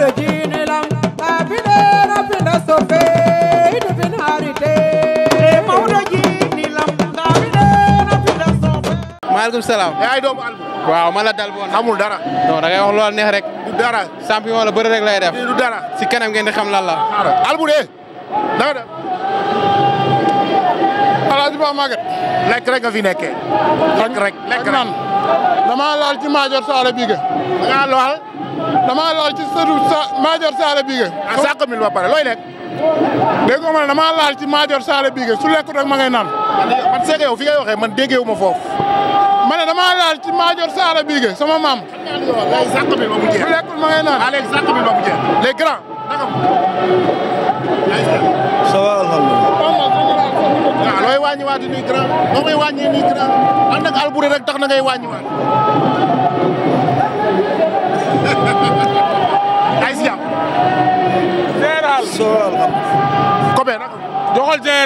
ɓeɗo jiinilam abide rafinda sofeyde fin harite mawɗo waaw man la dal boon dara non da ngay wax loola neex rek du dara champion la bëri lay def du dara si di xam lan albu de nanga def alaaji lekk rek nga fi nekkee lekk rek lekk rek man dama laal ci maajoor saala damaa laal ci sëtu sa Madior Saale Bigué. ah sàq laal ci Madior Saale Bigué su lekkut rek ma ngay naan. man seeg yow fi ngay waxee man déggee ma foofu. ma ne maa laal ci Madior Saale Bigué sama maam. waaw sàq mil ba mu jeex. su lekkul ma ngay naan. waaw ah, léegi sàq mil ba ah, tax na ngay wàññiwaat.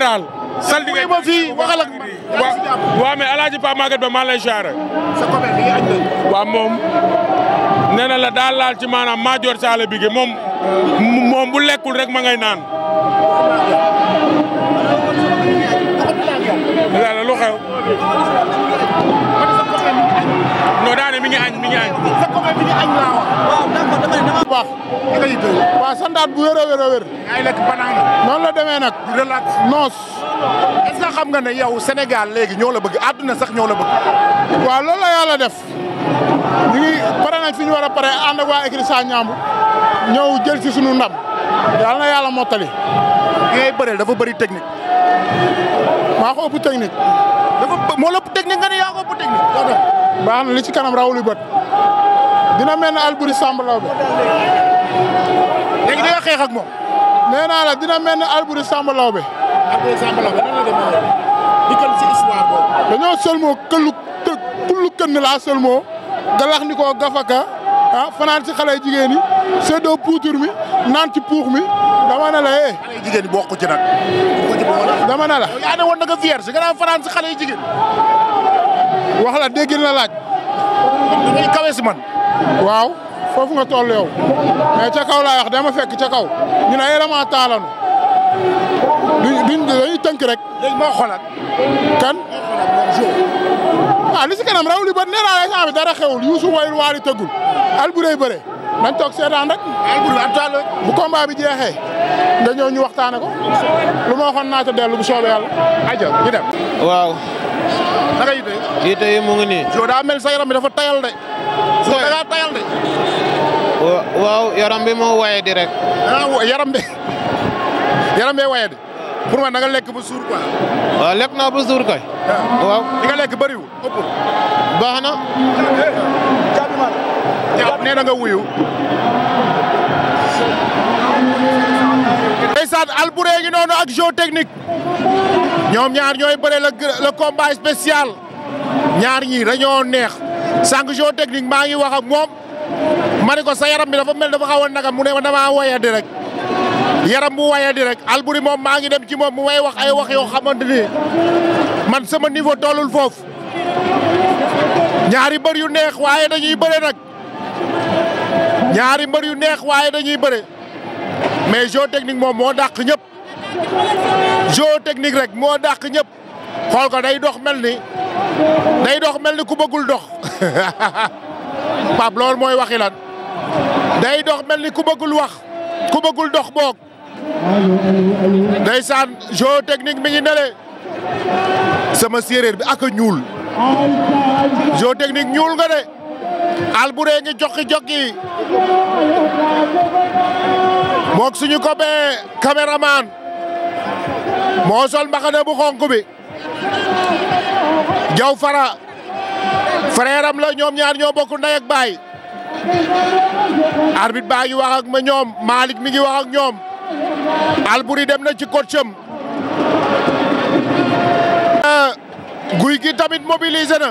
général. sal di nga ma fii waxal maa lay moom nee na la daal laal ci maanaam Madior Sall bi moom moom bu lekkul rek ma ngay naan. mi ngi añ mi ngi añ. bu baax nga yitte waaw santaat bu wér a wér a wér. ngay lekk banaan. noonu la demee nag. relax noos. est xam nga ne yow Sénégal léegi ñoo la bëgg àdduna sax ñoo la bëgg. waaw loolu la yàlla def ñu pare nañ fi war a pare ànd ak waa écrit saa ñaambu ñëw jël ci suñu ndam yàlla na yàlla mottali. ngay bëree dafa bëri technique. maa ko technique. dafa moo la technique nga ne yaa ko bu baax na li ci kanam rawlu bët dina mel ne Alboury Samb Lawbe. dina xeex ak moom. nee naa la dina mel ne Alboury Samb Lawbe. Alboury Samb Lawbe nan la demee këllu të kullu kënn gafaka ah, fanaan ci xale jigéen yi séddoo puutur mi naan ci puux mi. dama ne la eh. xale yu jigéen bokku ci nag. dama ne la. ne woon na nga vierge gannaaw France xale jigéen. wax la dégg la laaj. du ngay si man. waaw foofu nga toll yow. mais ca kaw laa wax dama fekk ca kaw. ñu ne eh, ay élément taalanu. duñ dañuy tënk rek. léegi moo xoolaat. kan. ah li si kanam raw li ba dara xewul Youssou wayul waali tëggul. Alboury bëre. nañ toog seetaan rek. Alboury bu combat bi jeexee. nga ñëw ñu waxtaane ko lu ma waxoon naa dellu bu soobee aja ñu dem waaw naka yite yite yi mu ngi nii yow daa mel sa yaram bi dafa tayal de so da tayal de waaw yaram bi moo waye di rek yaram bi yaram bee waye di pour man da lekk ba suur quoi waaw lekk naa ba suur kay ah. waaw li nga lekk bëriwul baax na jàpp ne da wuyu ndeysaan Albouré ngi noonu ak géotechnique ñoom ñaar ñooy bëre le combat spécial ñaar ñi dañoo neex sànq géotechnique maa ngi wax ak moom ma ne ko sa yaram bi dafa mel dafa xaw a nagam mu ne ma damaa wayadi rek yaram bu wayadi rek Albouri moom maa ngi dem ci moom mu may wax ay wax yoo xamante ni man sama niveau tollul foofu ñaari mbër yu neex waaye dañuy bëre nag ñaari mbër yu neex waaye dañuy bëre mais géotechnique moom moo dàq ñëpp technique rek moo dàq ñëpp xool ko day dox mel ni day dox mel ni ku bëggul dox Pape loolu mooy waxi day dox mel ni ku bëggul wax ku bëggul dox boog ndeysaan technique mi ngi nele sama séeréer bi ak a ñuul géotechnique ñuul nga de. Alboury ngi jokki jokki mook suñu ko bee caméraman moo sol mbaxane bu xonq bi jaw fara frère la ñoom ñaar ñoo bokk ndey ak baay arbitre baa ngi wax ak ma ñoom Malick mi ngi wax ak ñoom Alboury dem na ci coacham euh, guy gi tamit mobilisé na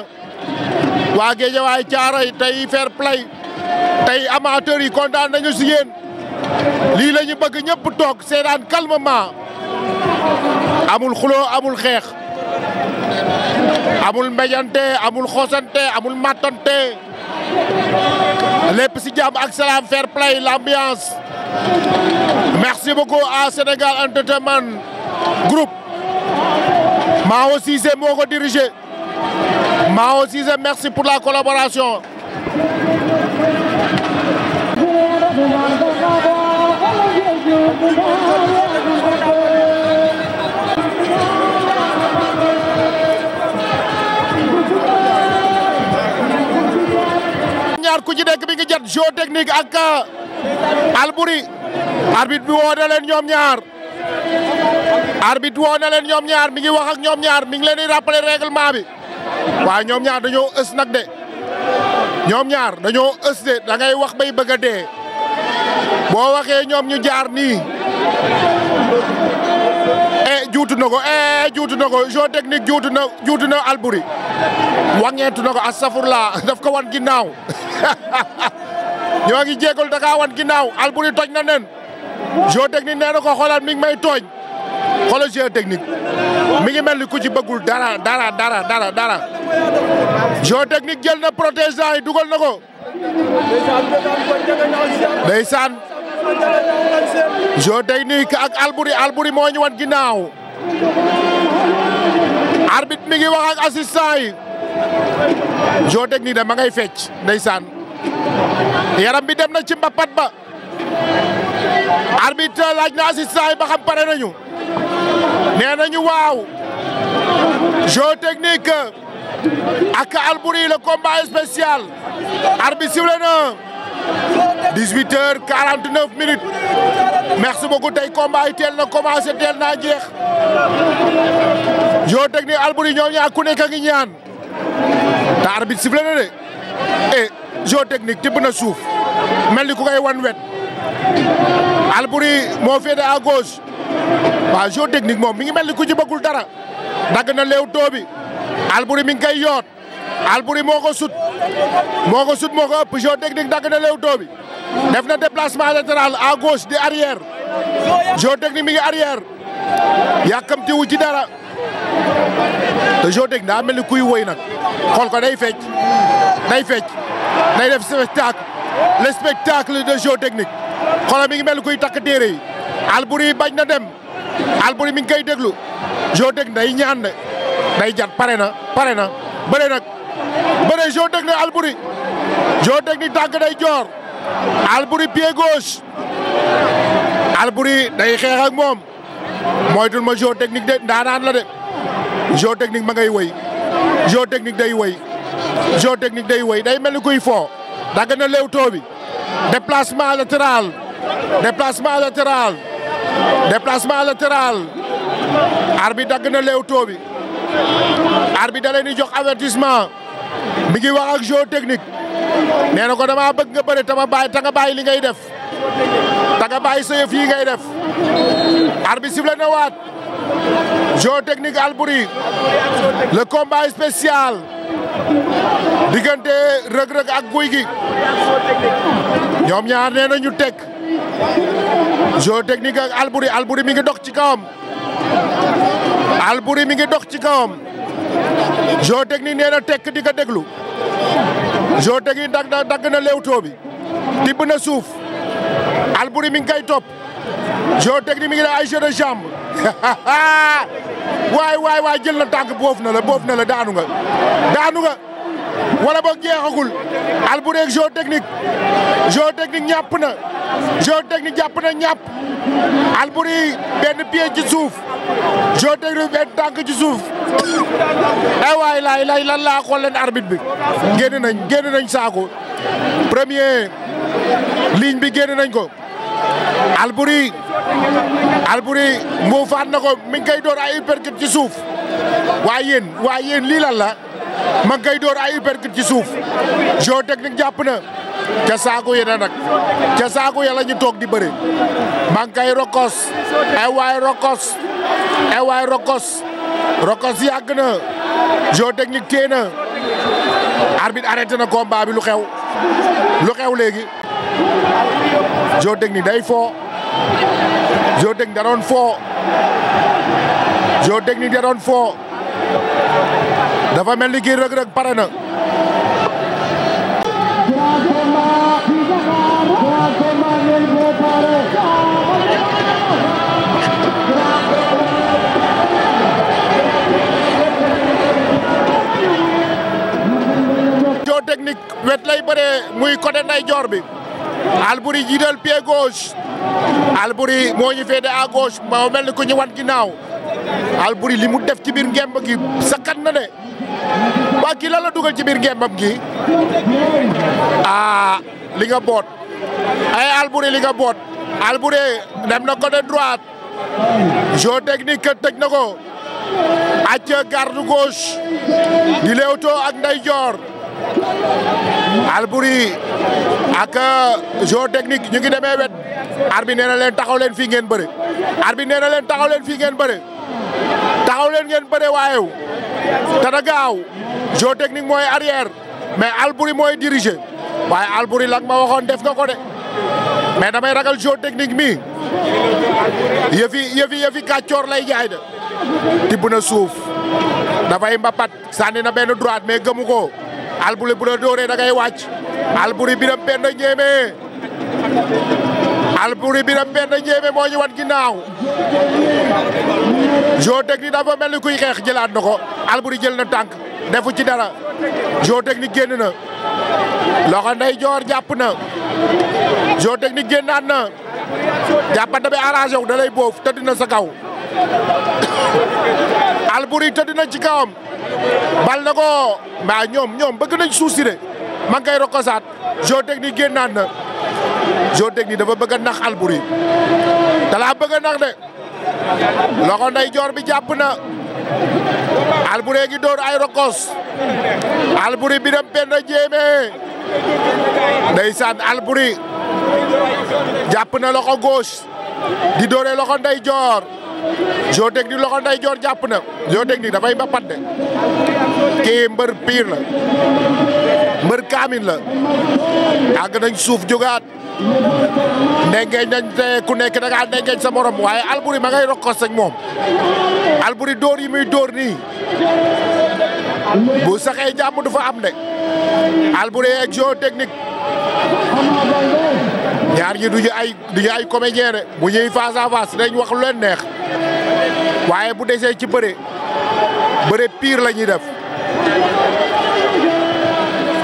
waa Géejawaay Caaroy tey fair play tey amateur yi kontaan nañu si yéen lii lañu ñu bëgg ñëpp toog seetaan calmement amul xuloo amul xeex amul mbéjante amul xoosante amul mattante lépp si jàmm ak salaam fair play l'ambiance merci beaucoup à Sénégal Entertainment Group Mawo Cissé moo ko dirigé Mao Cissé merci pour la collaboration. ñaar ku ci nekk mi ngi jot jeu technique ak euh, Alboury arbitre bi woo leen ñoom ñaar arbitre woo leen ñoom ñaar mi ngi wax ak ñoom ñaar mi ngi leen di rappeler règlement bi waaw ñoom ñaar dañoo ës nag de ñoom ñaar dañoo ës de da wax bay bëgg a dee boo waxee ñoom ñu jaar nii e juutu na ko e juutu na ko jeu technique juutu na juutu na Alboury wàññeetu na ko astafurla daf ko wan ginnaaw ñoo ngi jégalu da wan ginnaaw Alboury toj na nen jeu technique nee ko xolaat mi may tooñ xoolal géotechnique mi ngi mel ni ku ci bëggul dara dara dara dara dara géotechnique jël na protège yi dugal na ko ndeysaan géotechnique ak Alboury Alboury moo wan ginnaaw arbit mi ngi wax ak assistant yi géotechnique da ma ngay fecc ndeysaan yaram bi dem na ci mbapat ba arbitre laaj na assistant yi ba xam pare nañu nee nañu waaw jeu technique ak la le combat spécial arbitre sifflé na 18 heures 49 tey combat teel na commencé teel naa jeex jeu technique Alboury ñoom ku nekk a ngi ñaan te arbitre sifflé de et eh, jeu technique tibb na suuf mel ni ku ngay wan wet Alboury moo féete à gauche waaw jeu technique moom mi ngi mel ni ku ci bëggul dara dagg na léew too bi Alboury mi ngi koy yoot Alboury moo ko sut moo ko sut moo ko ëpp jeu technique dagg na léew too bi def na déplacement latéral à gauche di arrière jeu technique mi ngi yàkkam yàkkamtiwu ci dara te jeu technique daa mel ni kuy woy nag xool ko day fecc day fec day def spectacle le spectacle de jeu technique xoolal mi ngi mel ni kuy takk téere yi Alboury bañ na dem Alboury mi ngi koy déglu joo dégg day ñaan na day jat pare na pare na bëre nag bëre joo dégg na Alboury joo dégg ni tànk day joor Alboury pied gauche day xeex ak moom moytul ma jeu technique de ndaanaan la de jeu technique ma ngay woy jeu technique day woy jeu technique day woy day mel ni kuy foo dagg na léewtoo bi déplacement latéral déplacement latéral déplacement latéral arbitre dagg na léewtoo bi ar bi leen di jox avertissement mi ngi wax ak jeu technique nee na ko dama bëgg nga bëre tama bàyyi ta nga bàyyi li ngay def ta nga bàyyi sa yëf ngay def arbitre sifflé na waat jeu technique Albouri le combat spécial diggante Reug Reug ak guy gi ñoom ñaar nee na ñu teg jeu technique ak Albouri Albouri mi ngi dox ci kawam Albouri mi ngi dox ci kawam jeu technique nee na tekk di ko déglu jeu technique dag dagg na léewtoo bi tibb na suuf Albouri mi ngi koy topp jeu technique mi ngi la ay jeu de jambe waay waay waay jël na tànk boof na la boof na la daanu nga daanu nga wala boog jeexagul Alboury ak Jootechnique Jootechnique ñàpp na Jootechnique jàpp na ñàpp Alboury benn pied ci suuf Jootechnique benn tànk ci suuf ay waay laay lay lan laa xool leen arbitre bi génn nañ génn nañ saako premier ligne bi génn nañ ko Alboury Alboury mu faat na ko mi ngi koy door ay uppercut ci suuf waaye yéen waaye yéen lii lan la ma ngay door ay uppercut ci suuf géotechnique jàpp na ca saaku yi na nag ca saaku ya la ñu toog di bëre ma ngay rokos ay eh waay rokos ay eh waay rokos rokos yàgg na géotechnique téye na na combat bi lu xew lu xew léegi géotechnique day foo géotechnique da foo géotechnique da doon foo dafa mel ni kii Reug Reug pare na. technique wet lay bëree muy côté ndeyjoor bi Alboury jiital pied gauche Alboury moo ñu féete à gauche moo mel ni ku ñu wan ginnaaw Alboury li mu def ci biir ngemb gi sakkan na de waa kii lan la dugal ci biir gembam gi ah li nga boot ay Alboury li nga boot Alboury dem na côté droite jeu technique tëj na ko acc garde gauche di léewtoo ak ndeyjoor Alboury ak euh, jeu technique ñu ngi demee wet ar bi nee leen taxaw leen fii ngeen bëre ar bi nee na leen taxaw leen fii ngeen bëre taxaw leen ngeen bëre waayew te da gaaw jeu technique mooy arrière mais Albouri mooy diriger waaye Albouri la ma waxoon def nga ko de mais damay ragal jeu technique mi yëfi yëfi yëfi kàccoor lay jaay de tibb na suuf dafa dafay mbapat sànni na benn droite mais gëmu ko Albouri bu la dóoree da ngay wàcc bi na benn ñeeme Albouri biram benn ñeeme moo ñu wan ginnaaw jeu technique dafa mel ni kuy xeex jëlaat na ko Alboury jël na tànk defu ci dara joo Jootechnique génn na loxo ndey joor jàpp na Jootechnique génnaat na jàppante bi arrangé wu da lay boof tëdd na sa kaw Alboury tëdd na ci kawam bal na ko mbaa ñoom ñoom bëgg nañ suuf si de ma ngi koy rokkosaat Jootechnique génnaat na Jootechnique dafa bëgg a nax Alboury da laa bëgg a nax de loxo ndey joor bi jàpp na. Alboury ngi door ay rokos bure bi jéemé day jéeme ndeysaan Alboury jàpp na loxo gauche di doore loxo ndeyjoor Joe Technique loxo ndeyjoor jàpp na Joe Technique dafay mbapat de kii mbër piir la mbër kaamin la àgg nañ suuf jógaat ndengeeñ nañ te ku nekk da ngaa ndengeeñ sa morom waaye Alboury ma ngay rokkos ak moom Alboury dóor yi muy dóor nii bu saxee jàpp du fa am de Alboury action technique ñaar ñi duñu ay duñu ay comédien de bu dañ wax lu neex waaye bu desee ci bëre bëre pire la ñuy def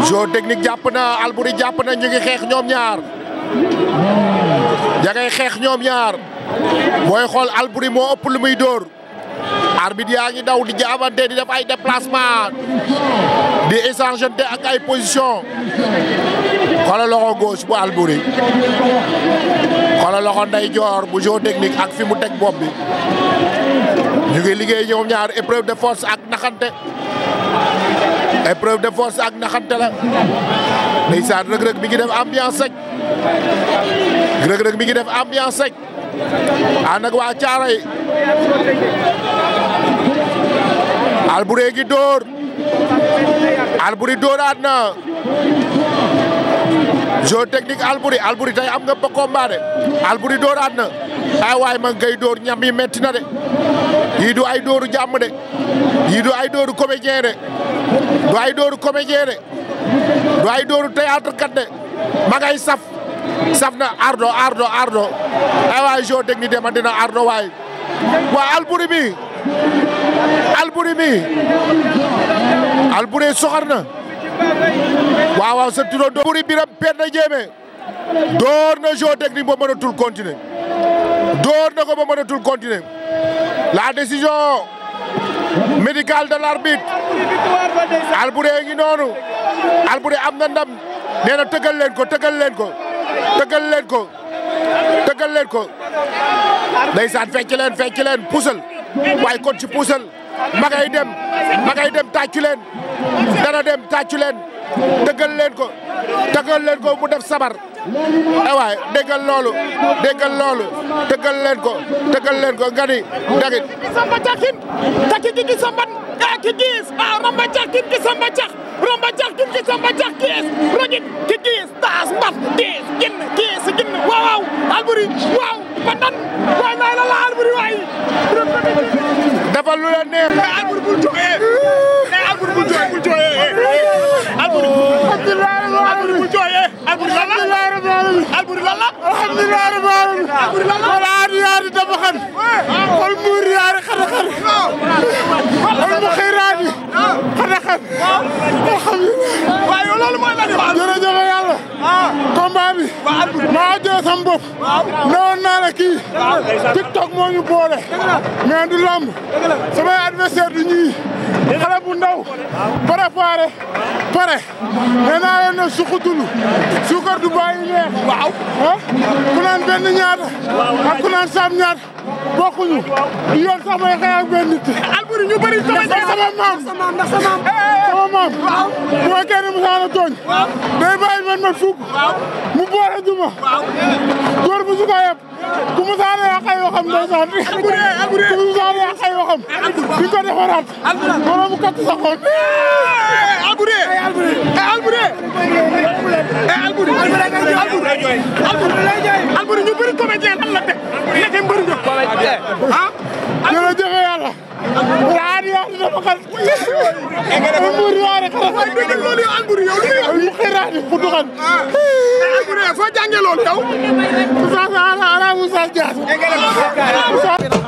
soo technique jàpp na Alboury jàpp na ñu ngi xeex ñoom ñaar ya xeex ñoom ñaar booy xool Albouri moo ëpp lu muy dóor arbitre yaa ngi daw di jaabante di def ay déplacement di échangeante ak ay position xoolal loxo gauche bu Albouri xoolal loxo ndeyjoor bu jeu technique ak fi mu teg bop bi ñu ngi liggéey ñoom ñaar épreuve de force ak naxante épreuve de force ak naxante la ndeysaan Reug mi ngi def ambiance rek Reug mi ngi def ambiance rek ànd ak waa Caaray Alboury gi dóor Alboury dóoraat na jeu technique Alboury Alboury tey am nga ba combat de Alboury dóoraat na ay waay ma ngay dóor ñam yi metti na de yii du ay dóoru jàmm de yii ay dóoru comédien de du ay dóoru comédien de kat de ma saf saf na ardo ardo ardo ay waay jo technique ma dina ardo waay waa Alboury mi Alboury mi Alboury soxar na waaw waaw sa turoo doo Alboury biram pet na jéeme door na jo technique ba mënatul continuer door na ko ba mënatul continuer la décision médicale de l'arbitre Alboury ngi noonu Alboury am na ndam nee na tëggal leen ko tëggal leen ko tëggal leen ko tëggal leen ko ndeysaan fecc leen fecc leen puusal waaye kon ci puusal ma ngay dem ma ngay dem tàccu leen dana dem tàccu leen tëggal leen ko tëggal leen ko mu def sabar Eh waaye déggal loolu déggal loolu tëggal ko tëggal ko nga ni dagit samba caxin taki ki giis a ah, romba cax samba cax romba ki giis taas mbat giis ginn giis ginn waaw waaw Alboury waaw ba la la Alboury waay dafa lu la neex Alboury bul jooyee Alboury bul jooyee bul jooyee Alboury Alboury bu jooyee Alboury lan la Alboury lan la alhamdulilah rabbil alamin Alboury lan la walaat yaari dama xan xol muur yaari xana xan xol mu xëy raadi xana xan alhamdulilah waaye loolu mooy la combat bi maa jël bopp newoon naa la kii TikTok moo ñu boole mais du lamb samay adversaire du ñuy xale bu ndaw préparé pare nee naa leen ne suukar du bàyyi neex ku naan benn ñaata ak ku naan saam ñaata bokkuñu du yoon sax may xeex ak bëri ñu bëri sama sama maam sama maam ndax sama maam waaw moo kenn mu saana tooñ day bàyyi man man fukk mu boole duma góor bu su ko yëpp ku mu saana yàq ay waxam ndeysaan ku mu saana yàq ay waxam di ko defaraat wala mu katt sa xool alburé alburé alburé alburé ñu bëri comédien lan la teg nga def alburi waare xara waay nga def loolu yow alburi yow lu muy wax mu xiraani ku duxan alburi foo jàngee loolu yow Moussa Moussa Diass